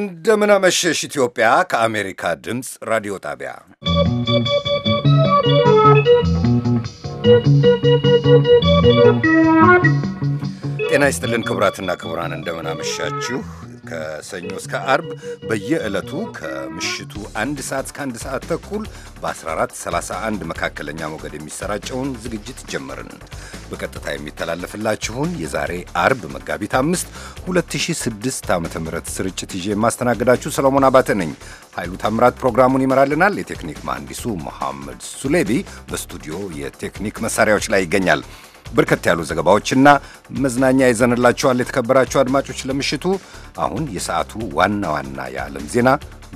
እንደምን አመሸሽ ኢትዮጵያ። ከአሜሪካ ድምፅ ራዲዮ ጣቢያ ጤና ይስጥልን ክቡራትና ክቡራን፣ እንደምን አመሻችሁ። ከሰኞ እስከ አርብ በየዕለቱ ከምሽቱ አንድ ሰዓት እስከ አንድ ሰዓት ተኩል በ1431 መካከለኛ ሞገድ የሚሰራጨውን ዝግጅት ጀመርን። በቀጥታ የሚተላለፍላችሁን የዛሬ አርብ መጋቢት 5 2006 ዓ ም ስርጭት ይዤ የማስተናግዳችሁ ሰለሞን አባተ ነኝ። ኃይሉ ታምራት ፕሮግራሙን ይመራልናል። የቴክኒክ መሐንዲሱ መሐመድ ሱሌቢ በስቱዲዮ የቴክኒክ መሳሪያዎች ላይ ይገኛል። በርከት ያሉ ዘገባዎችና መዝናኛ ይዘንላችኋል። የተከበራችሁ አድማጮች ለምሽቱ አሁን የሰዓቱ ዋና ዋና የዓለም ዜና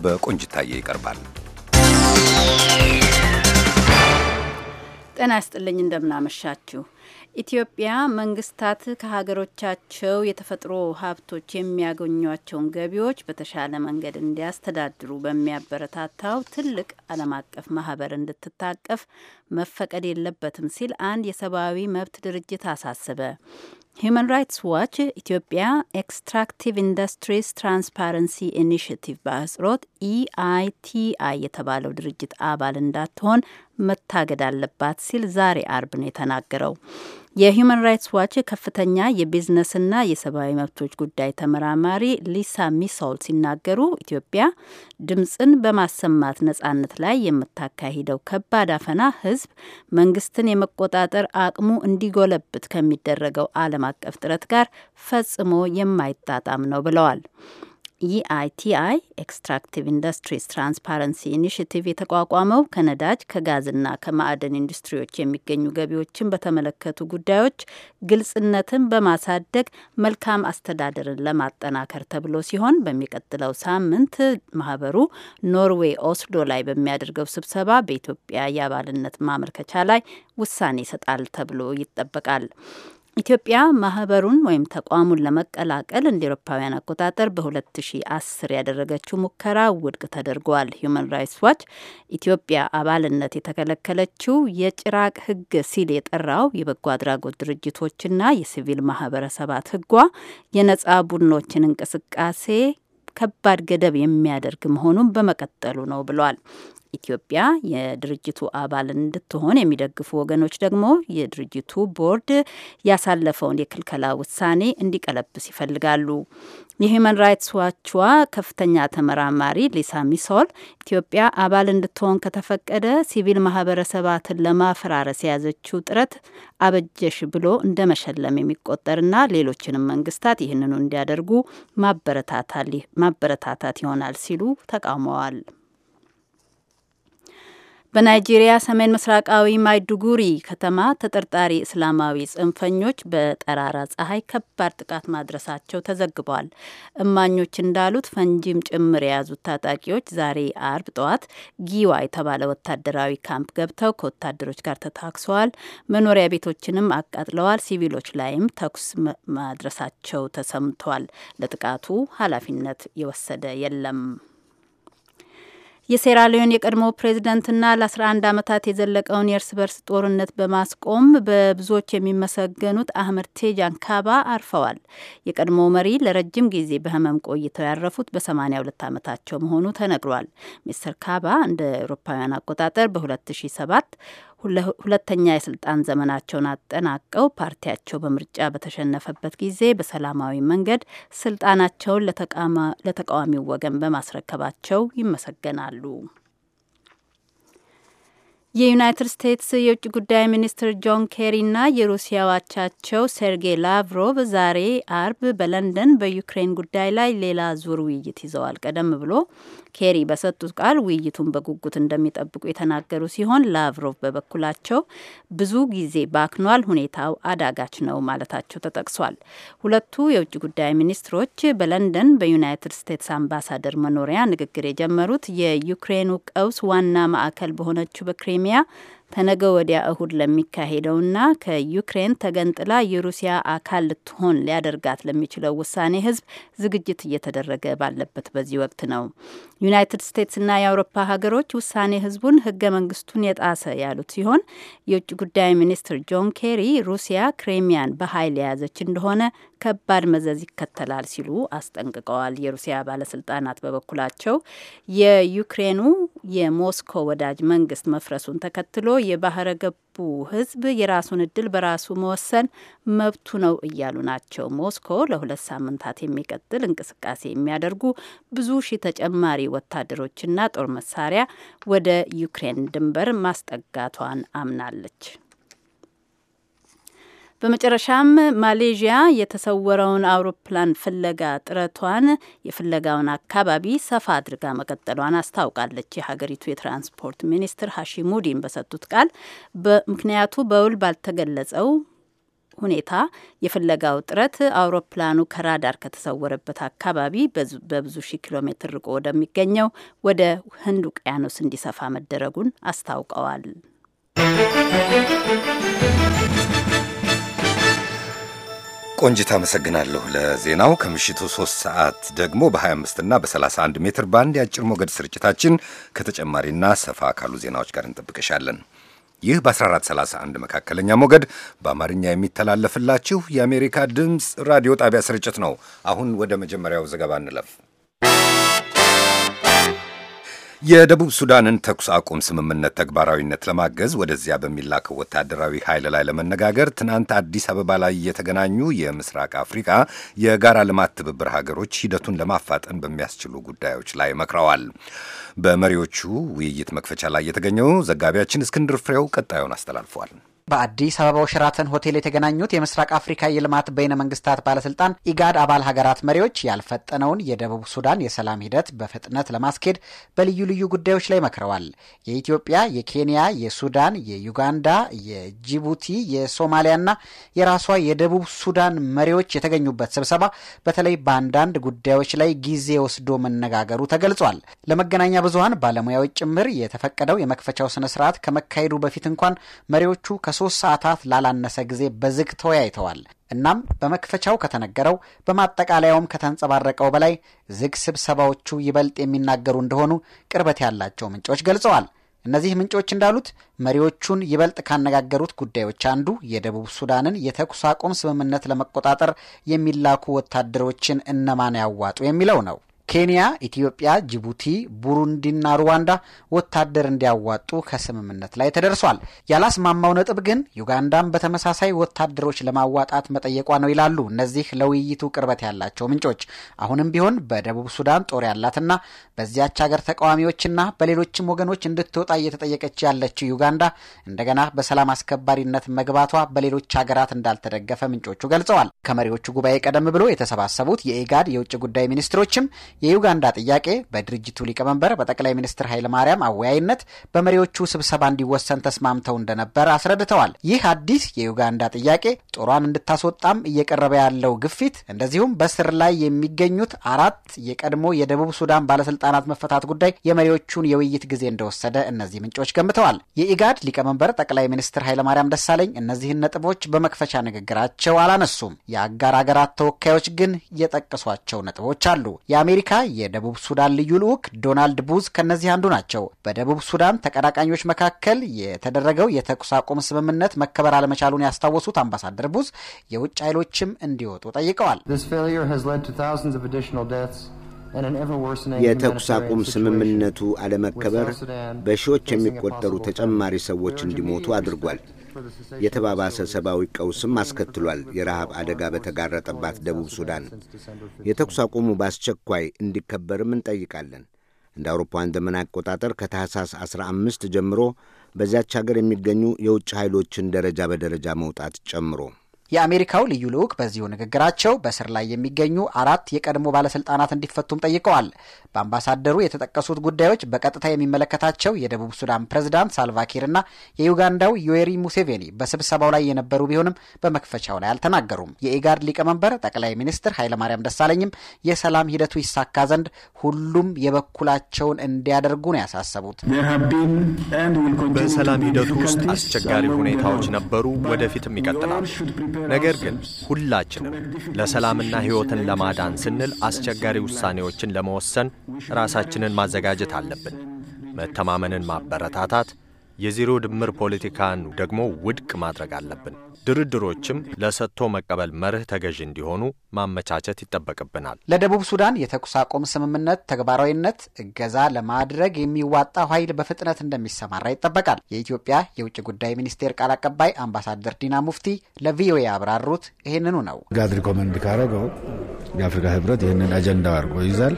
በቆንጅታዬ ይቀርባል። ጤና ይስጥልኝ እንደምናመሻችሁ። ኢትዮጵያ መንግስታት ከሀገሮቻቸው የተፈጥሮ ሀብቶች የሚያገኟቸውን ገቢዎች በተሻለ መንገድ እንዲያስተዳድሩ በሚያበረታታው ትልቅ ዓለም አቀፍ ማህበር እንድትታቀፍ መፈቀድ የለበትም ሲል አንድ የሰብአዊ መብት ድርጅት አሳሰበ። ሂዩማን ራይትስ ዋች ኢትዮጵያ ኤክስትራክቲቭ ኢንዱስትሪስ ትራንስፓረንሲ ኢኒሽቲቭ በአህጽሮት ኢአይቲአይ e የተባለው ድርጅት አባል እንዳትሆን መታገድ አለባት ሲል ዛሬ አርብ ነው የተናገረው። የሁማን ራይትስ ዋች ከፍተኛ የቢዝነስና የሰብአዊ መብቶች ጉዳይ ተመራማሪ ሊሳ ሚሶል ሲናገሩ ኢትዮጵያ ድምፅን በማሰማት ነጻነት ላይ የምታካሂደው ከባድ አፈና ህዝብ መንግስትን የመቆጣጠር አቅሙ እንዲጎለብት ከሚደረገው ዓለም አቀፍ ጥረት ጋር ፈጽሞ የማይጣጣም ነው ብለዋል። ኢአይቲአይ ኤክስትራክቲቭ ኢንዱስትሪስ ትራንስፓረንሲ ኢኒሽቲቭ የተቋቋመው ከነዳጅ ከጋዝና ከማዕድን ኢንዱስትሪዎች የሚገኙ ገቢዎችን በተመለከቱ ጉዳዮች ግልጽነትን በማሳደግ መልካም አስተዳደርን ለማጠናከር ተብሎ ሲሆን በሚቀጥለው ሳምንት ማህበሩ ኖርዌይ ኦስሎ ላይ በሚያደርገው ስብሰባ በኢትዮጵያ የአባልነት ማመልከቻ ላይ ውሳኔ ይሰጣል ተብሎ ይጠበቃል። ኢትዮጵያ ማህበሩን ወይም ተቋሙን ለመቀላቀል እንደ ኤሮፓውያን አቆጣጠር በ2010 ያደረገችው ሙከራ ውድቅ ተደርጓል። ሁማን ራይትስ ዋች ኢትዮጵያ አባልነት የተከለከለችው የጭራቅ ሕግ ሲል የጠራው የበጎ አድራጎት ድርጅቶችና የሲቪል ማህበረሰባት ሕጓ የነጻ ቡድኖችን እንቅስቃሴ ከባድ ገደብ የሚያደርግ መሆኑን በመቀጠሉ ነው ብሏል። ኢትዮጵያ የድርጅቱ አባል እንድትሆን የሚደግፉ ወገኖች ደግሞ የድርጅቱ ቦርድ ያሳለፈውን የክልከላ ውሳኔ እንዲቀለብስ ይፈልጋሉ። የሂዩማን ራይትስ ዋችዋ ከፍተኛ ተመራማሪ ሊሳ ሚሶል ኢትዮጵያ አባል እንድትሆን ከተፈቀደ ሲቪል ማህበረሰባትን ለማፈራረስ የያዘችው ጥረት አበጀሽ ብሎ እንደ መሸለም የሚቆጠርና ሌሎችንም መንግስታት ይህንኑ እንዲያደርጉ ማበረታታት ይሆናል ሲሉ ተቃውመዋል። በናይጄሪያ ሰሜን ምስራቃዊ ማይዱጉሪ ከተማ ተጠርጣሪ እስላማዊ ጽንፈኞች በጠራራ ፀሐይ ከባድ ጥቃት ማድረሳቸው ተዘግቧል። እማኞች እንዳሉት ፈንጂም ጭምር የያዙት ታጣቂዎች ዛሬ አርብ ጠዋት ጊዋ የተባለ ወታደራዊ ካምፕ ገብተው ከወታደሮች ጋር ተታክሰዋል። መኖሪያ ቤቶችንም አቃጥለዋል። ሲቪሎች ላይም ተኩስ ማድረሳቸው ተሰምቷል። ለጥቃቱ ኃላፊነት የወሰደ የለም። የሴራሊዮን የቀድሞ ፕሬዚደንትና ለ11 ዓመታት የዘለቀውን የእርስ በርስ ጦርነት በማስቆም በብዙዎች የሚመሰገኑት አህመድ ቴጃን ካባ አርፈዋል። የቀድሞ መሪ ለረጅም ጊዜ በህመም ቆይተው ያረፉት በ82 ዓመታቸው መሆኑ ተነግሯል። ሚስተር ካባ እንደ አውሮፓውያን አቆጣጠር በ2007 ሁለተኛ የስልጣን ዘመናቸውን አጠናቀው ፓርቲያቸው በምርጫ በተሸነፈበት ጊዜ በሰላማዊ መንገድ ስልጣናቸውን ለተቃዋሚው ወገን በማስረከባቸው ይመሰገናሉ። የዩናይትድ ስቴትስ የውጭ ጉዳይ ሚኒስትር ጆን ኬሪና የሩሲያ አቻቸው ሴርጌይ ላቭሮቭ ዛሬ አርብ በለንደን በዩክሬን ጉዳይ ላይ ሌላ ዙር ውይይት ይዘዋል። ቀደም ብሎ ኬሪ በሰጡት ቃል ውይይቱን በጉጉት እንደሚጠብቁ የተናገሩ ሲሆን ላቭሮቭ በበኩላቸው ብዙ ጊዜ ባክኗል፣ ሁኔታው አዳጋች ነው ማለታቸው ተጠቅሷል። ሁለቱ የውጭ ጉዳይ ሚኒስትሮች በለንደን በዩናይትድ ስቴትስ አምባሳደር መኖሪያ ንግግር የጀመሩት የዩክሬኑ ቀውስ ዋና ማዕከል በሆነችው በክሬሚያ ከነገ ወዲያ እሁድ ለሚካሄደውና ከዩክሬን ተገንጥላ የሩሲያ አካል ልትሆን ሊያደርጋት ለሚችለው ውሳኔ ህዝብ ዝግጅት እየተደረገ ባለበት በዚህ ወቅት ነው። ዩናይትድ ስቴትስና የአውሮፓ ሀገሮች ውሳኔ ህዝቡን ህገ መንግስቱን የጣሰ ያሉት ሲሆን የውጭ ጉዳይ ሚኒስትር ጆን ኬሪ ሩሲያ ክሬሚያን በኃይል የያዘች እንደሆነ ከባድ መዘዝ ይከተላል ሲሉ አስጠንቅቀዋል። የሩሲያ ባለስልጣናት በበኩላቸው የዩክሬኑ የሞስኮ ወዳጅ መንግስት መፍረሱን ተከትሎ የባህረ ገቡ ህዝብ የራሱን እድል በራሱ መወሰን መብቱ ነው እያሉ ናቸው። ሞስኮ ለሁለት ሳምንታት የሚቀጥል እንቅስቃሴ የሚያደርጉ ብዙ ሺህ ተጨማሪ ወታደሮችና ጦር መሳሪያ ወደ ዩክሬን ድንበር ማስጠጋቷን አምናለች። በመጨረሻም ማሌዥያ የተሰወረውን አውሮፕላን ፍለጋ ጥረቷን የፍለጋውን አካባቢ ሰፋ አድርጋ መቀጠሏን አስታውቃለች። የሀገሪቱ የትራንስፖርት ሚኒስትር ሀሺሙዲን በሰጡት ቃል ምክንያቱ በውል ባልተገለጸው ሁኔታ የፍለጋው ጥረት አውሮፕላኑ ከራዳር ከተሰወረበት አካባቢ በብዙ ሺህ ኪሎ ሜትር ርቆ ወደሚገኘው ወደ ህንድ ውቅያኖስ እንዲሰፋ መደረጉን አስታውቀዋል። ቆንጂት አመሰግናለሁ ለዜናው። ከምሽቱ 3 ሰዓት ደግሞ በ25 እና በ31 ሜትር ባንድ የአጭር ሞገድ ስርጭታችን ከተጨማሪና ሰፋ ካሉ ዜናዎች ጋር እንጠብቀሻለን። ይህ በ1431 መካከለኛ ሞገድ በአማርኛ የሚተላለፍላችሁ የአሜሪካ ድምፅ ራዲዮ ጣቢያ ስርጭት ነው። አሁን ወደ መጀመሪያው ዘገባ እንለፍ። የደቡብ ሱዳንን ተኩስ አቁም ስምምነት ተግባራዊነት ለማገዝ ወደዚያ በሚላከው ወታደራዊ ኃይል ላይ ለመነጋገር ትናንት አዲስ አበባ ላይ የተገናኙ የምስራቅ አፍሪካ የጋራ ልማት ትብብር ሀገሮች ሂደቱን ለማፋጠን በሚያስችሉ ጉዳዮች ላይ መክረዋል። በመሪዎቹ ውይይት መክፈቻ ላይ የተገኘው ዘጋቢያችን እስክንድር ፍሬው ቀጣዩን አስተላልፏል። በአዲስ አበባው ሸራተን ሆቴል የተገናኙት የምስራቅ አፍሪካ የልማት በይነ መንግስታት ባለስልጣን ኢጋድ አባል ሀገራት መሪዎች ያልፈጠነውን የደቡብ ሱዳን የሰላም ሂደት በፍጥነት ለማስኬድ በልዩ ልዩ ጉዳዮች ላይ መክረዋል። የኢትዮጵያ፣ የኬንያ፣ የሱዳን፣ የዩጋንዳ፣ የጅቡቲ፣ የሶማሊያና የራሷ የደቡብ ሱዳን መሪዎች የተገኙበት ስብሰባ በተለይ በአንዳንድ ጉዳዮች ላይ ጊዜ ወስዶ መነጋገሩ ተገልጿል። ለመገናኛ ብዙሀን ባለሙያዎች ጭምር የተፈቀደው የመክፈቻው ስነ ስርዓት ከመካሄዱ በፊት እንኳን መሪዎቹ ከ ከሶስት ሰዓታት ላላነሰ ጊዜ በዝግ ተወያይተዋል። እናም በመክፈቻው ከተነገረው በማጠቃለያውም ከተንጸባረቀው በላይ ዝግ ስብሰባዎቹ ይበልጥ የሚናገሩ እንደሆኑ ቅርበት ያላቸው ምንጮች ገልጸዋል። እነዚህ ምንጮች እንዳሉት መሪዎቹን ይበልጥ ካነጋገሩት ጉዳዮች አንዱ የደቡብ ሱዳንን የተኩስ አቁም ስምምነት ለመቆጣጠር የሚላኩ ወታደሮችን እነማን ያዋጡ የሚለው ነው። ኬንያ፣ ኢትዮጵያ፣ ጅቡቲ፣ ቡሩንዲና ሩዋንዳ ወታደር እንዲያዋጡ ከስምምነት ላይ ተደርሷል። ያላስማማው ነጥብ ግን ዩጋንዳም በተመሳሳይ ወታደሮች ለማዋጣት መጠየቋ ነው ይላሉ እነዚህ ለውይይቱ ቅርበት ያላቸው ምንጮች። አሁንም ቢሆን በደቡብ ሱዳን ጦር ያላትና በዚያች ሀገር ተቃዋሚዎችና በሌሎችም ወገኖች እንድትወጣ እየተጠየቀች ያለችው ዩጋንዳ እንደገና በሰላም አስከባሪነት መግባቷ በሌሎች ሀገራት እንዳልተደገፈ ምንጮቹ ገልጸዋል። ከመሪዎቹ ጉባኤ ቀደም ብሎ የተሰባሰቡት የኢጋድ የውጭ ጉዳይ ሚኒስትሮችም የዩጋንዳ ጥያቄ በድርጅቱ ሊቀመንበር በጠቅላይ ሚኒስትር ኃይለማርያም አወያይነት በመሪዎቹ ስብሰባ እንዲወሰን ተስማምተው እንደነበር አስረድተዋል። ይህ አዲስ የዩጋንዳ ጥያቄ ጦሯን እንድታስወጣም እየቀረበ ያለው ግፊት እንደዚሁም በስር ላይ የሚገኙት አራት የቀድሞ የደቡብ ሱዳን ባለስልጣናት መፈታት ጉዳይ የመሪዎቹን የውይይት ጊዜ እንደወሰደ እነዚህ ምንጮች ገምተዋል። የኢጋድ ሊቀመንበር ጠቅላይ ሚኒስትር ኃይለማርያም ደሳለኝ እነዚህን ነጥቦች በመክፈቻ ንግግራቸው አላነሱም። የአጋር አገራት ተወካዮች ግን የጠቀሷቸው ነጥቦች አሉ። የአሜሪካ አሜሪካ የደቡብ ሱዳን ልዩ ልዑክ ዶናልድ ቡዝ ከእነዚህ አንዱ ናቸው። በደቡብ ሱዳን ተቀናቃኞች መካከል የተደረገው የተኩስ አቁም ስምምነት መከበር አለመቻሉን ያስታወሱት አምባሳደር ቡዝ የውጭ ኃይሎችም እንዲወጡ ጠይቀዋል። የተኩስ አቁም ስምምነቱ አለመከበር በሺዎች የሚቆጠሩ ተጨማሪ ሰዎች እንዲሞቱ አድርጓል። የተባባሰ ሰብአዊ ቀውስም አስከትሏል። የረሃብ አደጋ በተጋረጠባት ደቡብ ሱዳን የተኩስ አቁሙ በአስቸኳይ እንዲከበርም እንጠይቃለን። እንደ አውሮፓውያን ዘመን አቆጣጠር ከታህሳስ 15 ጀምሮ በዚያች ሀገር የሚገኙ የውጭ ኃይሎችን ደረጃ በደረጃ መውጣት ጨምሮ የአሜሪካው ልዩ ልዑክ በዚሁ ንግግራቸው በስር ላይ የሚገኙ አራት የቀድሞ ባለስልጣናት እንዲፈቱም ጠይቀዋል። በአምባሳደሩ የተጠቀሱት ጉዳዮች በቀጥታ የሚመለከታቸው የደቡብ ሱዳን ፕሬዝዳንት እና የዩጋንዳው ዩዌሪ ሙሴቬኒ በስብሰባው ላይ የነበሩ ቢሆንም በመክፈቻው ላይ አልተናገሩም። የኢጋድ ሊቀመንበር ጠቅላይ ሚኒስትር ኃይለማርያም ደሳለኝም የሰላም ሂደቱ ይሳካ ዘንድ ሁሉም የበኩላቸውን እንዲያደርጉ ነው ያሳሰቡት። በሰላም ሂደቱ ውስጥ አስቸጋሪ ሁኔታዎች ነበሩ፣ ወደፊትም ይቀጥላል። ነገር ግን ሁላችንም ለሰላምና ሕይወትን ለማዳን ስንል አስቸጋሪ ውሳኔዎችን ለመወሰን ራሳችንን ማዘጋጀት አለብን። መተማመንን ማበረታታት፣ የዜሮ ድምር ፖለቲካን ደግሞ ውድቅ ማድረግ አለብን። ድርድሮችም ለሰጥቶ መቀበል መርህ ተገዥ እንዲሆኑ ማመቻቸት ይጠበቅብናል። ለደቡብ ሱዳን የተኩስ አቁም ስምምነት ተግባራዊነት እገዛ ለማድረግ የሚዋጣው ኃይል በፍጥነት እንደሚሰማራ ይጠበቃል። የኢትዮጵያ የውጭ ጉዳይ ሚኒስቴር ቃል አቀባይ አምባሳደር ዲና ሙፍቲ ለቪኦኤ ያብራሩት ይህንኑ ነው። ጋድሪ ኮመንድ ካረገው የአፍሪካ ህብረት ይህንን አጀንዳ አድርጎ ይይዛል።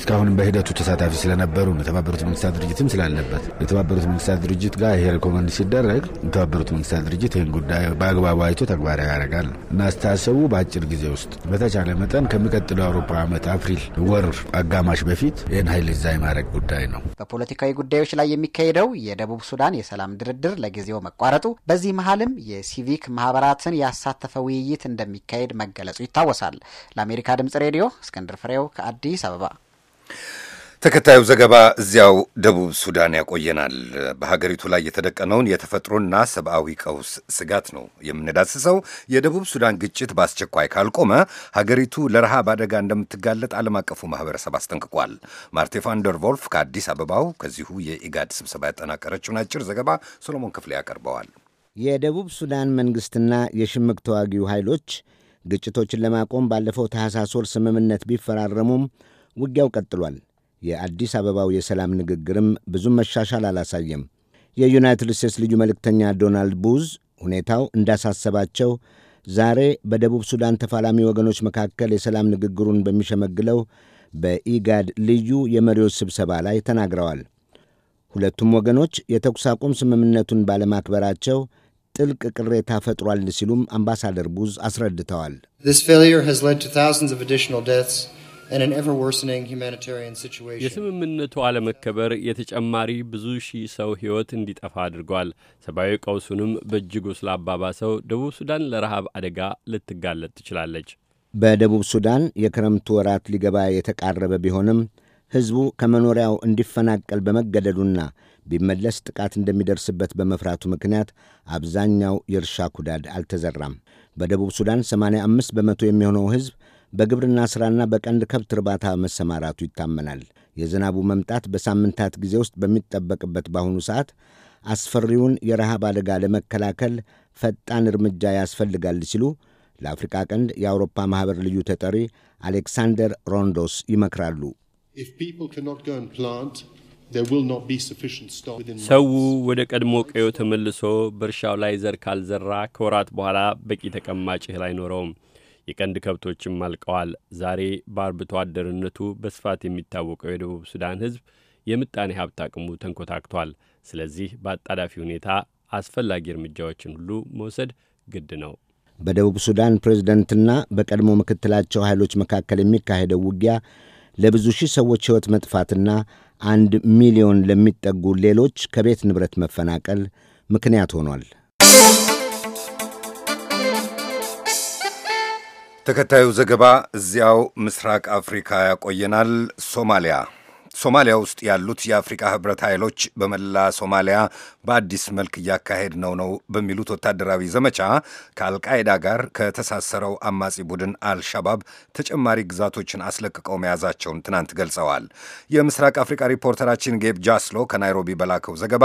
እስካሁንም በሂደቱ ተሳታፊ ስለነበሩ ነው። የተባበሩት መንግስታት ድርጅትም ስላለበት የተባበሩት መንግስታት ድርጅት ጋር ይሄ ሪኮመንድ ሲደረግ የተባበሩት መንግስታት ድርጅት ይህን ጉዳይ በአግባቡ አይቶ ተግባራዊ ያደርጋል እና አስተሳሰቡ በአጭር ጊዜ ውስጥ በተቻለ መጠን ከሚቀጥለው አውሮፓ ዓመት አፕሪል ወር አጋማሽ በፊት ይህን ኃይል እዛ የማድረግ ጉዳይ ነው። በፖለቲካዊ ጉዳዮች ላይ የሚካሄደው የደቡብ ሱዳን የሰላም ድርድር ለጊዜው መቋረጡ፣ በዚህ መሀልም የሲቪክ ማህበራትን ያሳተፈ ውይይት እንደሚካሄድ መገለጹ ይታወሳል። ለአሜሪካ ድምጽ ሬዲዮ እስክንድር ፍሬው ከአዲስ አበባ ተከታዩ ዘገባ እዚያው ደቡብ ሱዳን ያቆየናል። በሀገሪቱ ላይ የተደቀነውን የተፈጥሮና ሰብአዊ ቀውስ ስጋት ነው የምንዳስሰው። የደቡብ ሱዳን ግጭት በአስቸኳይ ካልቆመ ሀገሪቱ ለረሃብ አደጋ እንደምትጋለጥ ዓለም አቀፉ ማህበረሰብ አስጠንቅቋል። ማርቴ ቫንደር ቮልፍ ከአዲስ አበባው ከዚሁ የኢጋድ ስብሰባ ያጠናቀረችውን አጭር ዘገባ ሶሎሞን ክፍሌ ያቀርበዋል። የደቡብ ሱዳን መንግሥትና የሽምቅ ተዋጊው ኃይሎች ግጭቶችን ለማቆም ባለፈው ታህሳስ ወር ስምምነት ቢፈራረሙም ውጊያው ቀጥሏል። የአዲስ አበባው የሰላም ንግግርም ብዙም መሻሻል አላሳየም። የዩናይትድ ስቴትስ ልዩ መልእክተኛ ዶናልድ ቡዝ ሁኔታው እንዳሳሰባቸው ዛሬ በደቡብ ሱዳን ተፋላሚ ወገኖች መካከል የሰላም ንግግሩን በሚሸመግለው በኢጋድ ልዩ የመሪዎች ስብሰባ ላይ ተናግረዋል። ሁለቱም ወገኖች የተኩስ አቁም ስምምነቱን ባለማክበራቸው ጥልቅ ቅሬታ ፈጥሯል ሲሉም አምባሳደር ቡዝ አስረድተዋል። የስምምነቱ አለመከበር የተጨማሪ ብዙ ሺህ ሰው ሕይወት እንዲጠፋ አድርጓል። ሰብአዊ ቀውሱንም በእጅጉ ስላባባሰው ደቡብ ሱዳን ለረሃብ አደጋ ልትጋለጥ ትችላለች። በደቡብ ሱዳን የክረምቱ ወራት ሊገባ የተቃረበ ቢሆንም ሕዝቡ ከመኖሪያው እንዲፈናቀል በመገደዱና ቢመለስ ጥቃት እንደሚደርስበት በመፍራቱ ምክንያት አብዛኛው የእርሻ ኩዳድ አልተዘራም። በደቡብ ሱዳን 85 በመቶ የሚሆነው ሕዝብ በግብርና ሥራና በቀንድ ከብት እርባታ መሰማራቱ ይታመናል። የዝናቡ መምጣት በሳምንታት ጊዜ ውስጥ በሚጠበቅበት በአሁኑ ሰዓት አስፈሪውን የረሃብ አደጋ ለመከላከል ፈጣን እርምጃ ያስፈልጋል ሲሉ ለአፍሪቃ ቀንድ የአውሮፓ ማኅበር ልዩ ተጠሪ አሌክሳንደር ሮንዶስ ይመክራሉ። ሰው ወደ ቀድሞ ቀዮ ተመልሶ በእርሻው ላይ ዘር ካልዘራ ከወራት በኋላ በቂ ተቀማጭ እህል አይኖረውም። የቀንድ ከብቶችም አልቀዋል። ዛሬ በአርብቶ አደርነቱ በስፋት የሚታወቀው የደቡብ ሱዳን ሕዝብ የምጣኔ ሀብት አቅሙ ተንኮታክቷል። ስለዚህ በአጣዳፊ ሁኔታ አስፈላጊ እርምጃዎችን ሁሉ መውሰድ ግድ ነው። በደቡብ ሱዳን ፕሬዝደንትና በቀድሞ ምክትላቸው ኃይሎች መካከል የሚካሄደው ውጊያ ለብዙ ሺህ ሰዎች ሕይወት መጥፋትና አንድ ሚሊዮን ለሚጠጉ ሌሎች ከቤት ንብረት መፈናቀል ምክንያት ሆኗል። ተከታዩ ዘገባ እዚያው ምስራቅ አፍሪካ ያቆየናል። ሶማሊያ ሶማሊያ ውስጥ ያሉት የአፍሪካ ህብረት ኃይሎች በመላ ሶማሊያ በአዲስ መልክ እያካሄድ ነው ነው በሚሉት ወታደራዊ ዘመቻ ከአልቃይዳ ጋር ከተሳሰረው አማጺ ቡድን አልሻባብ ተጨማሪ ግዛቶችን አስለቅቀው መያዛቸውን ትናንት ገልጸዋል። የምስራቅ አፍሪካ ሪፖርተራችን ጌብ ጃስሎ ከናይሮቢ በላከው ዘገባ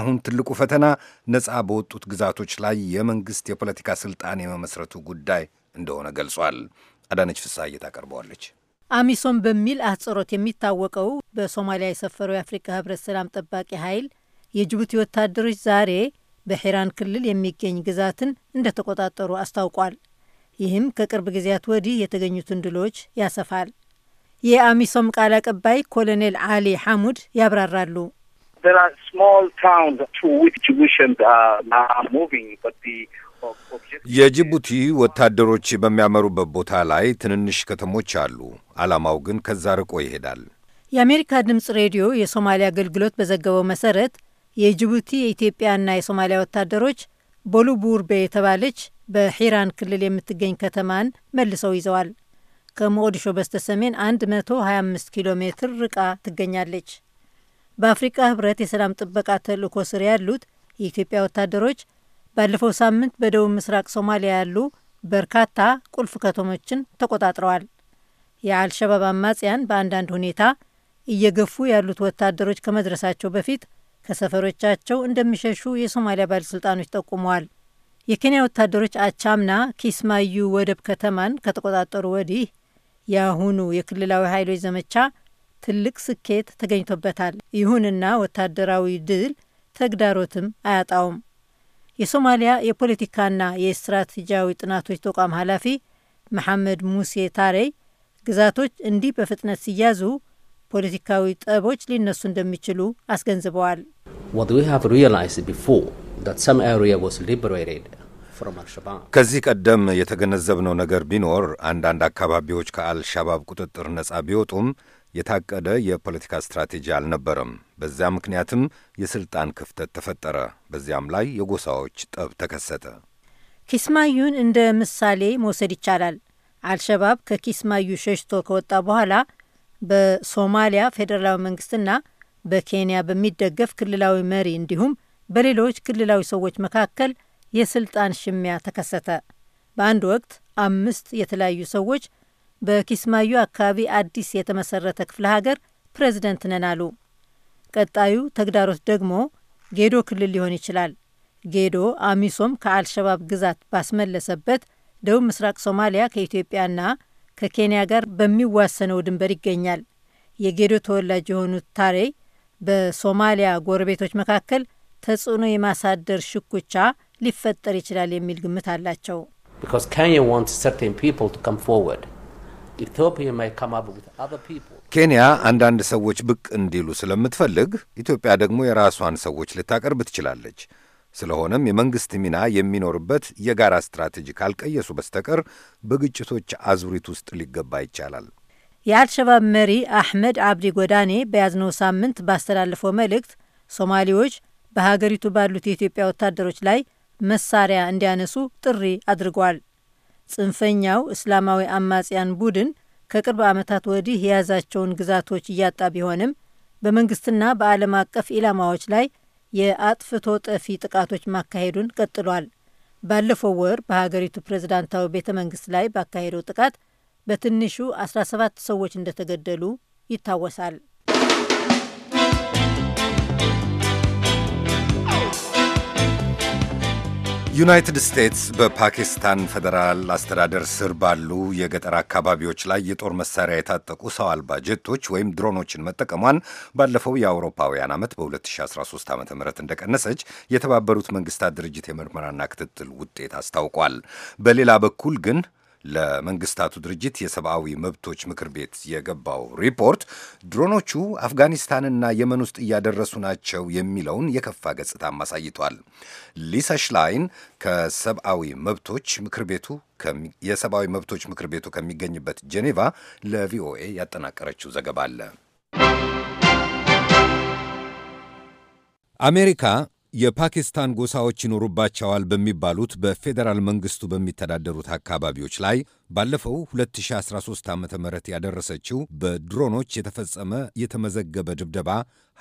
አሁን ትልቁ ፈተና ነፃ በወጡት ግዛቶች ላይ የመንግስት የፖለቲካ ስልጣን የመመስረቱ ጉዳይ እንደሆነ ገልጿል። አዳነች ፍስሐዬ ታቀርበዋለች። አሚሶም በሚል አህጽሮት የሚታወቀው በሶማሊያ የሰፈረው የአፍሪካ ህብረት ሰላም ጠባቂ ኃይል የጅቡቲ ወታደሮች ዛሬ በሂራን ክልል የሚገኝ ግዛትን እንደተቆጣጠሩ አስታውቋል። ይህም ከቅርብ ጊዜያት ወዲህ የተገኙትን ድሎች ያሰፋል። የአሚሶም ቃል አቀባይ ኮሎኔል አሊ ሐሙድ ያብራራሉ። የጅቡቲ ወታደሮች በሚያመሩበት ቦታ ላይ ትንንሽ ከተሞች አሉ። ዓላማው ግን ከዛ ርቆ ይሄዳል። የአሜሪካ ድምፅ ሬዲዮ የሶማሊያ አገልግሎት በዘገበው መሰረት የጅቡቲ የኢትዮጵያና የሶማሊያ ወታደሮች ቦሉቡርቤ የተባለች በሂራን ክልል የምትገኝ ከተማን መልሰው ይዘዋል። ከሞቃዲሾ በስተ ሰሜን 125 ኪሎ ሜትር ርቃ ትገኛለች። በአፍሪቃ ህብረት የሰላም ጥበቃ ተልእኮ ስር ያሉት የኢትዮጵያ ወታደሮች ባለፈው ሳምንት በደቡብ ምስራቅ ሶማሊያ ያሉ በርካታ ቁልፍ ከተሞችን ተቆጣጥረዋል። የአልሸባብ አማጽያን በአንዳንድ ሁኔታ እየገፉ ያሉት ወታደሮች ከመድረሳቸው በፊት ከሰፈሮቻቸው እንደሚሸሹ የሶማሊያ ባለሥልጣኖች ጠቁመዋል። የኬንያ ወታደሮች አቻምና ኪስማዩ ወደብ ከተማን ከተቆጣጠሩ ወዲህ የአሁኑ የክልላዊ ኃይሎች ዘመቻ ትልቅ ስኬት ተገኝቶበታል። ይሁንና ወታደራዊ ድል ተግዳሮትም አያጣውም። የሶማሊያ የፖለቲካና የስትራቴጂያዊ ጥናቶች ተቋም ኃላፊ መሐመድ ሙሴ ታሬይ ግዛቶች እንዲህ በፍጥነት ሲያዙ ፖለቲካዊ ጠቦች ሊነሱ እንደሚችሉ አስገንዝበዋል። ከዚህ ቀደም የተገነዘብነው ነገር ቢኖር አንዳንድ አካባቢዎች ከአልሻባብ ቁጥጥር ነጻ ቢወጡም የታቀደ የፖለቲካ ስትራቴጂ አልነበረም። በዚያ ምክንያትም የስልጣን ክፍተት ተፈጠረ። በዚያም ላይ የጎሳዎች ጠብ ተከሰተ። ኪስማዩን እንደ ምሳሌ መውሰድ ይቻላል። አልሸባብ ከኪስማዩ ሸሽቶ ከወጣ በኋላ በሶማሊያ ፌዴራላዊ መንግስትና በኬንያ በሚደገፍ ክልላዊ መሪ እንዲሁም በሌሎች ክልላዊ ሰዎች መካከል የስልጣን ሽሚያ ተከሰተ። በአንድ ወቅት አምስት የተለያዩ ሰዎች በኪስማዩ አካባቢ አዲስ የተመሰረተ ክፍለ ሀገር ፕሬዝደንት ነን አሉ። ቀጣዩ ተግዳሮት ደግሞ ጌዶ ክልል ሊሆን ይችላል። ጌዶ አሚሶም ከአልሸባብ ግዛት ባስመለሰበት ደቡብ ምስራቅ ሶማሊያ ከኢትዮጵያና ከኬንያ ጋር በሚዋሰነው ድንበር ይገኛል። የጌዶ ተወላጅ የሆኑት ታሬ በሶማሊያ ጎረቤቶች መካከል ተጽዕኖ የማሳደር ሽኩቻ ሊፈጠር ይችላል የሚል ግምት አላቸው። ኬንያ አንዳንድ ሰዎች ብቅ እንዲሉ ስለምትፈልግ ኢትዮጵያ ደግሞ የራሷን ሰዎች ልታቀርብ ትችላለች። ስለሆነም የመንግሥት ሚና የሚኖርበት የጋራ ስትራቴጂ ካልቀየሱ በስተቀር በግጭቶች አዙሪት ውስጥ ሊገባ ይቻላል። የአልሸባብ መሪ አሕመድ አብዲ ጎዳኔ በያዝነው ሳምንት ባስተላለፈው መልእክት ሶማሌዎች በሀገሪቱ ባሉት የኢትዮጵያ ወታደሮች ላይ መሳሪያ እንዲያነሱ ጥሪ አድርጓል። ጽንፈኛው እስላማዊ አማጽያን ቡድን ከቅርብ ዓመታት ወዲህ የያዛቸውን ግዛቶች እያጣ ቢሆንም በመንግስትና በዓለም አቀፍ ኢላማዎች ላይ የአጥፍቶ ጠፊ ጥቃቶች ማካሄዱን ቀጥሏል። ባለፈው ወር በሀገሪቱ ፕሬዝዳንታዊ ቤተ መንግስት ላይ ባካሄደው ጥቃት በትንሹ 17 ሰዎች እንደተገደሉ ይታወሳል። ዩናይትድ ስቴትስ በፓኪስታን ፌዴራል አስተዳደር ስር ባሉ የገጠር አካባቢዎች ላይ የጦር መሳሪያ የታጠቁ ሰው አልባ ጀቶች ወይም ድሮኖችን መጠቀሟን ባለፈው የአውሮፓውያን ዓመት በ2013 ዓ ም እንደቀነሰች የተባበሩት መንግስታት ድርጅት የምርመራና ክትትል ውጤት አስታውቋል። በሌላ በኩል ግን ለመንግስታቱ ድርጅት የሰብአዊ መብቶች ምክር ቤት የገባው ሪፖርት ድሮኖቹ አፍጋኒስታንና የመን ውስጥ እያደረሱ ናቸው የሚለውን የከፋ ገጽታም አሳይቷል። ሊሳ ሽላይን ከሰብአዊ መብቶች ምክር ቤቱ የሰብአዊ መብቶች ምክር ቤቱ ከሚገኝበት ጄኔቫ ለቪኦኤ ያጠናቀረችው ዘገባ አለ። አሜሪካ የፓኪስታን ጎሳዎች ይኖሩባቸዋል በሚባሉት በፌዴራል መንግስቱ በሚተዳደሩት አካባቢዎች ላይ ባለፈው 2013 ዓ ም ያደረሰችው በድሮኖች የተፈጸመ የተመዘገበ ድብደባ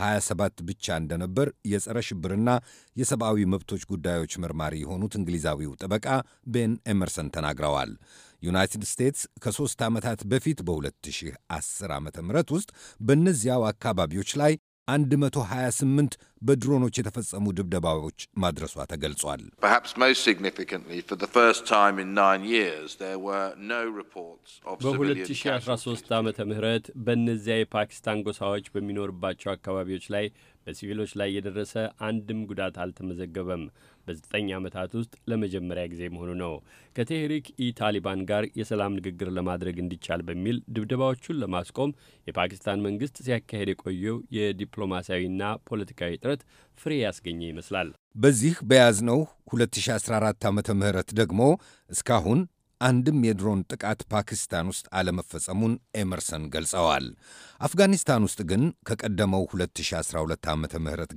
27 ብቻ እንደነበር የጸረ ሽብርና የሰብአዊ መብቶች ጉዳዮች መርማሪ የሆኑት እንግሊዛዊው ጠበቃ ቤን ኤመርሰን ተናግረዋል። ዩናይትድ ስቴትስ ከሦስት ዓመታት በፊት በ2010 ዓ ም ውስጥ በእነዚያው አካባቢዎች ላይ 128 በድሮኖች የተፈጸሙ ድብደባዎች ማድረሷ ተገልጿል። በ2013 ዓመተ ምህረት በእነዚያ የፓኪስታን ጎሳዎች በሚኖርባቸው አካባቢዎች ላይ በሲቪሎች ላይ የደረሰ አንድም ጉዳት አልተመዘገበም። በዘጠኝ ዓመታት ውስጥ ለመጀመሪያ ጊዜ መሆኑ ነው። ከቴህሪክ ኢ ታሊባን ጋር የሰላም ንግግር ለማድረግ እንዲቻል በሚል ድብደባዎቹን ለማስቆም የፓኪስታን መንግስት ሲያካሄድ የቆየው የዲፕሎማሲያዊና ፖለቲካዊ ጥረት ፍሬ ያስገኘ ይመስላል። በዚህ በያዝነው 2014 ዓ ም ደግሞ እስካሁን አንድም የድሮን ጥቃት ፓኪስታን ውስጥ አለመፈጸሙን ኤመርሰን ገልጸዋል። አፍጋኒስታን ውስጥ ግን ከቀደመው 2012 ዓ ም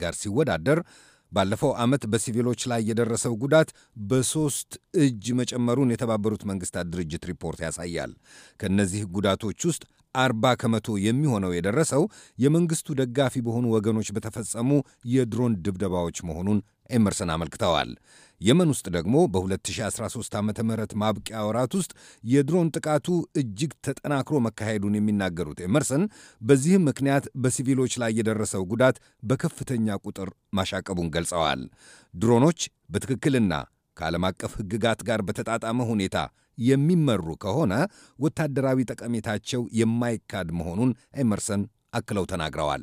ጋር ሲወዳደር ባለፈው ዓመት በሲቪሎች ላይ የደረሰው ጉዳት በሦስት እጅ መጨመሩን የተባበሩት መንግሥታት ድርጅት ሪፖርት ያሳያል። ከእነዚህ ጉዳቶች ውስጥ አርባ ከመቶ የሚሆነው የደረሰው የመንግሥቱ ደጋፊ በሆኑ ወገኖች በተፈጸሙ የድሮን ድብደባዎች መሆኑን ኤመርሰን አመልክተዋል። የመን ውስጥ ደግሞ በ2013 ዓ ም ማብቂያ ወራት ውስጥ የድሮን ጥቃቱ እጅግ ተጠናክሮ መካሄዱን የሚናገሩት ኤመርሰን በዚህም ምክንያት በሲቪሎች ላይ የደረሰው ጉዳት በከፍተኛ ቁጥር ማሻቀቡን ገልጸዋል። ድሮኖች በትክክልና ከዓለም አቀፍ ሕግጋት ጋር በተጣጣመ ሁኔታ የሚመሩ ከሆነ ወታደራዊ ጠቀሜታቸው የማይካድ መሆኑን ኤመርሰን አክለው ተናግረዋል።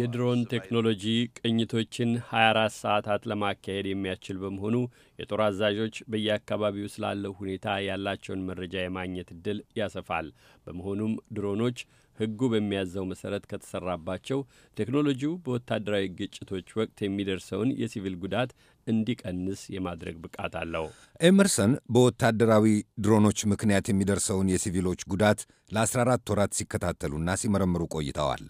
የድሮን ቴክኖሎጂ ቅኝቶችን 24 ሰዓታት ለማካሄድ የሚያስችል በመሆኑ የጦር አዛዦች በየአካባቢው ስላለው ሁኔታ ያላቸውን መረጃ የማግኘት እድል ያሰፋል። በመሆኑም ድሮኖች ሕጉ በሚያዘው መሰረት ከተሰራባቸው ቴክኖሎጂው በወታደራዊ ግጭቶች ወቅት የሚደርሰውን የሲቪል ጉዳት እንዲቀንስ የማድረግ ብቃት አለው። ኤመርሰን በወታደራዊ ድሮኖች ምክንያት የሚደርሰውን የሲቪሎች ጉዳት ለ14 ወራት ሲከታተሉና ሲመረምሩ ቆይተዋል።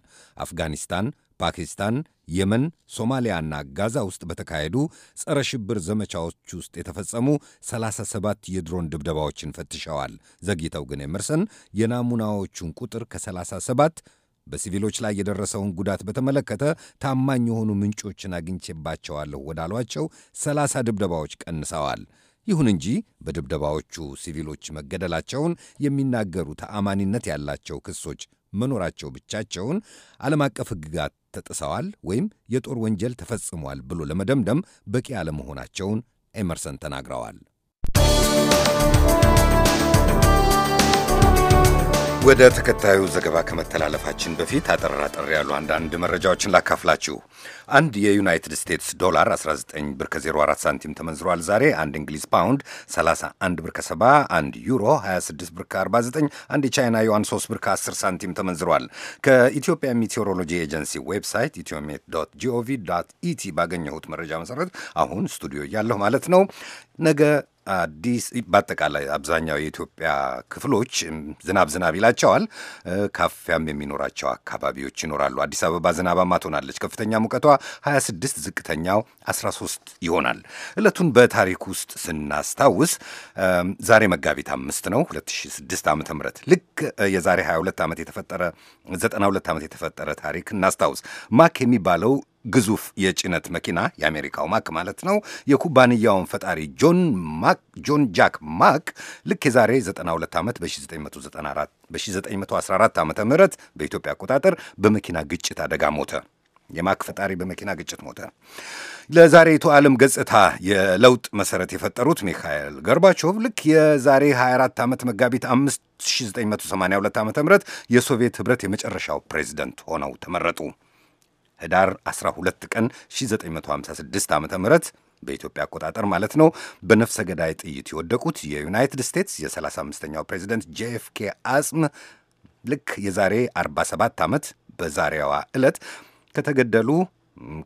አፍጋኒስታን፣ ፓኪስታን፣ የመን፣ ሶማሊያና ጋዛ ውስጥ በተካሄዱ ጸረ ሽብር ዘመቻዎች ውስጥ የተፈጸሙ 37 የድሮን ድብደባዎችን ፈትሸዋል። ዘግይተው ግን ኤመርሰን የናሙናዎቹን ቁጥር ከ37 በሲቪሎች ላይ የደረሰውን ጉዳት በተመለከተ ታማኝ የሆኑ ምንጮችን አግኝቼባቸዋለሁ ወዳሏቸው ሰላሳ ድብደባዎች ቀንሰዋል። ይሁን እንጂ በድብደባዎቹ ሲቪሎች መገደላቸውን የሚናገሩ ተአማኒነት ያላቸው ክሶች መኖራቸው ብቻቸውን ዓለም አቀፍ ሕግጋት ተጥሰዋል ወይም የጦር ወንጀል ተፈጽሟል ብሎ ለመደምደም በቂ አለመሆናቸውን ኤመርሰን ተናግረዋል። ወደ ተከታዩ ዘገባ ከመተላለፋችን በፊት አጠር አጠር ያሉ አንዳንድ መረጃዎችን ላካፍላችሁ። አንድ የዩናይትድ ስቴትስ ዶላር 19 ብር ከ04 ሳንቲም ተመንዝሯል። ዛሬ አንድ እንግሊዝ ፓውንድ 31 ብር ከ70፣ አንድ ዩሮ 26 ብር ከ49፣ አንድ የቻይና ዩዋን 3 ብር ከ10 ሳንቲም ተመንዝሯል። ከኢትዮጵያ ሜቴዎሮሎጂ ኤጀንሲ ዌብሳይት ኢትዮሜት ጂኦቪ ኢቲ ባገኘሁት መረጃ መሰረት አሁን ስቱዲዮ እያለሁ ማለት ነው ነገ አዲስ በአጠቃላይ አብዛኛው የኢትዮጵያ ክፍሎች ዝናብ ዝናብ ይላቸዋል። ካፊያም የሚኖራቸው አካባቢዎች ይኖራሉ። አዲስ አበባ ዝናባማ ትሆናለች። ከፍተኛ ሙቀቷ 26 ዝቅተኛው 13 ይሆናል። ዕለቱን በታሪክ ውስጥ ስናስታውስ ዛሬ መጋቢት አምስት ነው 2006 ዓ ም ልክ የዛሬ 22 ዓመት የተፈጠረ 92 ዓመት የተፈጠረ ታሪክ እናስታውስ። ማክ የሚባለው ግዙፍ የጭነት መኪና የአሜሪካው ማክ ማለት ነው። የኩባንያውን ፈጣሪ ጆን ማክ ጆን ጃክ ማክ ልክ የዛሬ 92 ዓመት በ1914 ዓ ም በኢትዮጵያ አቆጣጠር በመኪና ግጭት አደጋ ሞተ። የማክ ፈጣሪ በመኪና ግጭት ሞተ። ለዛሬቱ ዓለም ገጽታ የለውጥ መሰረት የፈጠሩት ሚካኤል ገርባቾቭ ልክ የዛሬ 24 ዓመት መጋቢት 5982 ዓ ም የሶቪየት ኅብረት የመጨረሻው ፕሬዚደንት ሆነው ተመረጡ። ህዳር 12 ቀን 1956 ዓ ም በኢትዮጵያ አቆጣጠር ማለት ነው። በነፍሰ ገዳይ ጥይት የወደቁት የዩናይትድ ስቴትስ የ35ኛው ፕሬዚደንት ጄኤፍኬ አጽም ልክ የዛሬ 47 ዓመት በዛሬዋ ዕለት ከተገደሉ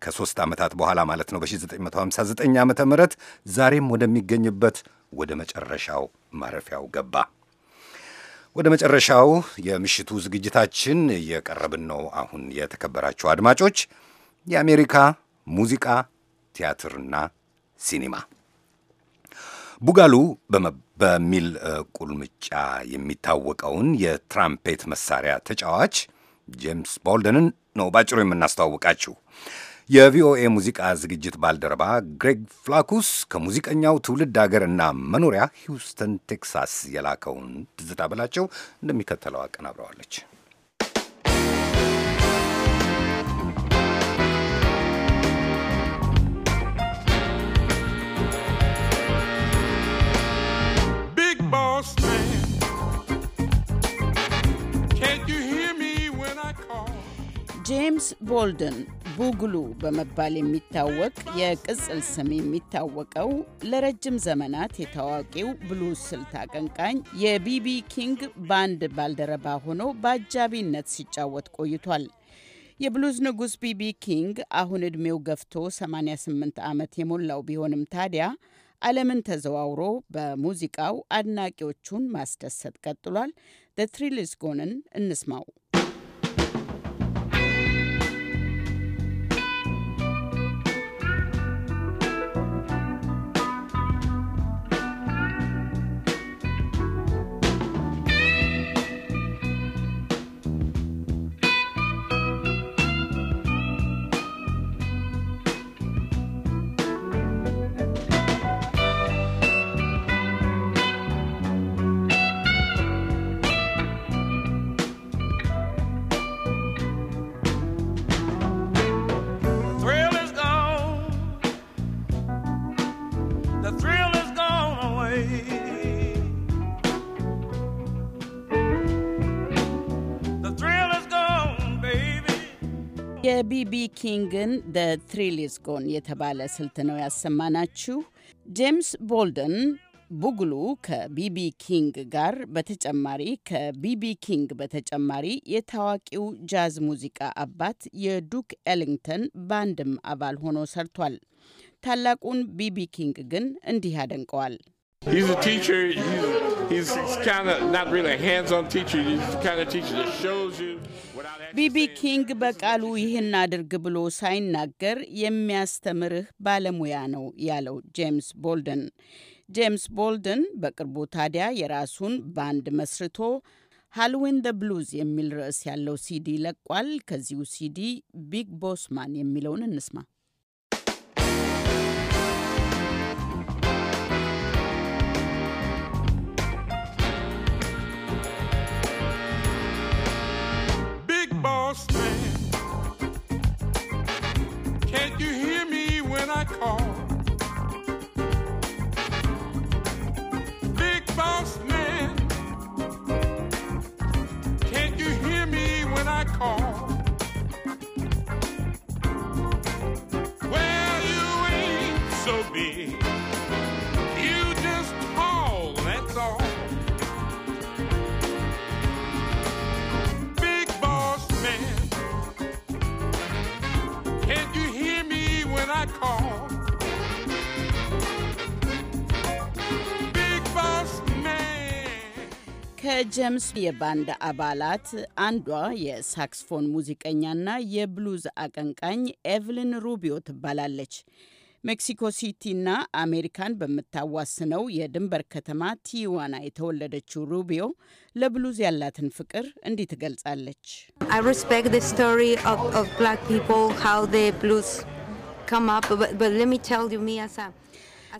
ከሶስት ዓመታት በኋላ ማለት ነው በ1959 ዓ ም ዛሬም ወደሚገኝበት ወደ መጨረሻው ማረፊያው ገባ። ወደ መጨረሻው የምሽቱ ዝግጅታችን እየቀረብን ነው። አሁን የተከበራችሁ አድማጮች የአሜሪካ ሙዚቃ፣ ቲያትርና ሲኒማ ቡጋሉ በሚል ቁልምጫ የሚታወቀውን የትራምፔት መሳሪያ ተጫዋች ጄምስ ቦልደንን ነው ባጭሩ የምናስተዋውቃችሁ። የቪኦኤ ሙዚቃ ዝግጅት ባልደረባ ግሬግ ፍላኩስ ከሙዚቀኛው ትውልድ አገር እና መኖሪያ ሂውስተን ቴክሳስ የላከውን ትዝታ በላቸው እንደሚከተለው አቀናብረዋለች። ጄምስ ቦልደን ቡግሉ በመባል የሚታወቅ የቅጽል ስም የሚታወቀው ለረጅም ዘመናት የታዋቂው ብሉዝ ስልት አቀንቃኝ የቢቢ ኪንግ ባንድ ባልደረባ ሆኖ በአጃቢነት ሲጫወት ቆይቷል። የብሉዝ ንጉሥ ቢቢ ኪንግ አሁን ዕድሜው ገፍቶ 88 ዓመት የሞላው ቢሆንም ታዲያ ዓለምን ተዘዋውሮ በሙዚቃው አድናቂዎቹን ማስደሰት ቀጥሏል። ዘ ጎንን እንስማው። የቢቢ ኪንግን ደ ትሪሊዝ ጎን የተባለ ስልት ነው ያሰማናችሁ። ጄምስ ቦልደን ቡግሉ ከቢቢ ኪንግ ጋር በተጨማሪ ከቢቢ ኪንግ በተጨማሪ የታዋቂው ጃዝ ሙዚቃ አባት የዱክ ኤሊንግተን ባንድም አባል ሆኖ ሰርቷል። ታላቁን ቢቢ ኪንግ ግን እንዲህ ያደንቀዋል። He's a teacher. He's, he's he's kind of not really a hands-on teacher. He's the kind of teacher that shows you. ቢቢ ኪንግ በቃሉ ይህን አድርግ ብሎ ሳይናገር የሚያስተምርህ ባለሙያ ነው ያለው ጄምስ ቦልደን። ጄምስ ቦልደን በቅርቡ ታዲያ የራሱን ባንድ መስርቶ ሃልዊን ደ ብሉዝ የሚል ርዕስ ያለው ሲዲ ለቋል። ከዚሁ ሲዲ ቢግ ቦስማን የሚለውን እንስማ። Can't you hear me when I call? ከጀምስ የባንድ አባላት አንዷ የሳክስፎን ሙዚቀኛና የብሉዝ አቀንቃኝ ኤቭሊን ሩቢዮ ትባላለች። ሜክሲኮ ሲቲና አሜሪካን በምታዋስነው የድንበር ከተማ ቲዋና የተወለደችው ሩቢዮ ለብሉዝ ያላትን ፍቅር እንዲህ ትገልጻለች።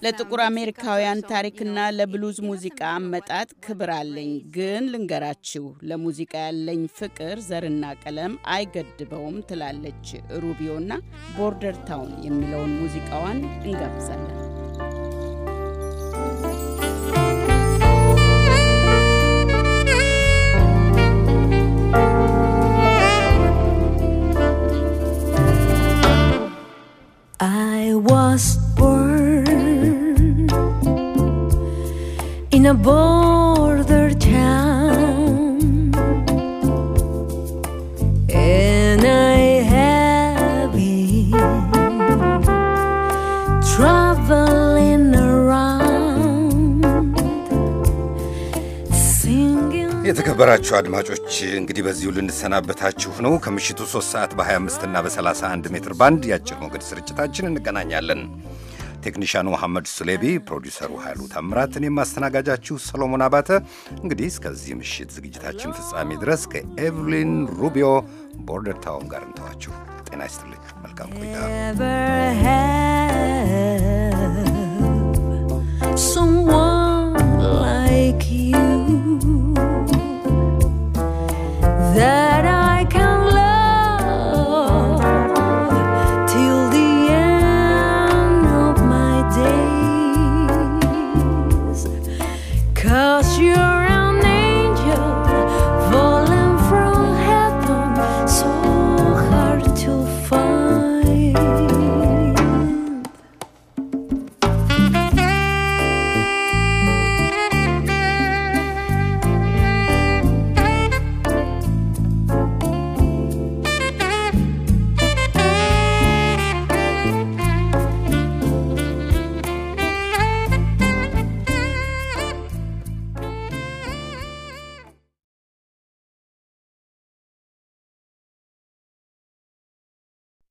ለጥቁር አሜሪካውያን ታሪክና ለብሉዝ ሙዚቃ አመጣጥ ክብር አለኝ። ግን ልንገራችሁ፣ ለሙዚቃ ያለኝ ፍቅር ዘርና ቀለም አይገድበውም ትላለች ሩቢዮና ቦርደር ታውን የሚለውን ሙዚቃዋን እንጋብዛለን። I was born in a border town and I have been traveling around singing የተከበራችሁ አድማጮች እንግዲህ በዚሁ ልንሰናበታችሁ ነው። ከምሽቱ ሶስት ሰዓት በ25 እና በ31 ሜትር ባንድ የአጭር ሞገድ ስርጭታችን እንገናኛለን። ቴክኒሽያኑ መሐመድ ሱሌቢ ፕሮዲውሰሩ ኃይሉ ታምራት፣ እኔም ማስተናጋጃችሁ ሰሎሞን አባተ። እንግዲህ እስከዚህ ምሽት ዝግጅታችን ፍጻሜ ድረስ ከኤቭሊን ሩቢዮ ቦርደር ታውን ጋር እንተዋችሁ። ጤና ይስጥልኝ። መልካም ቆይታ።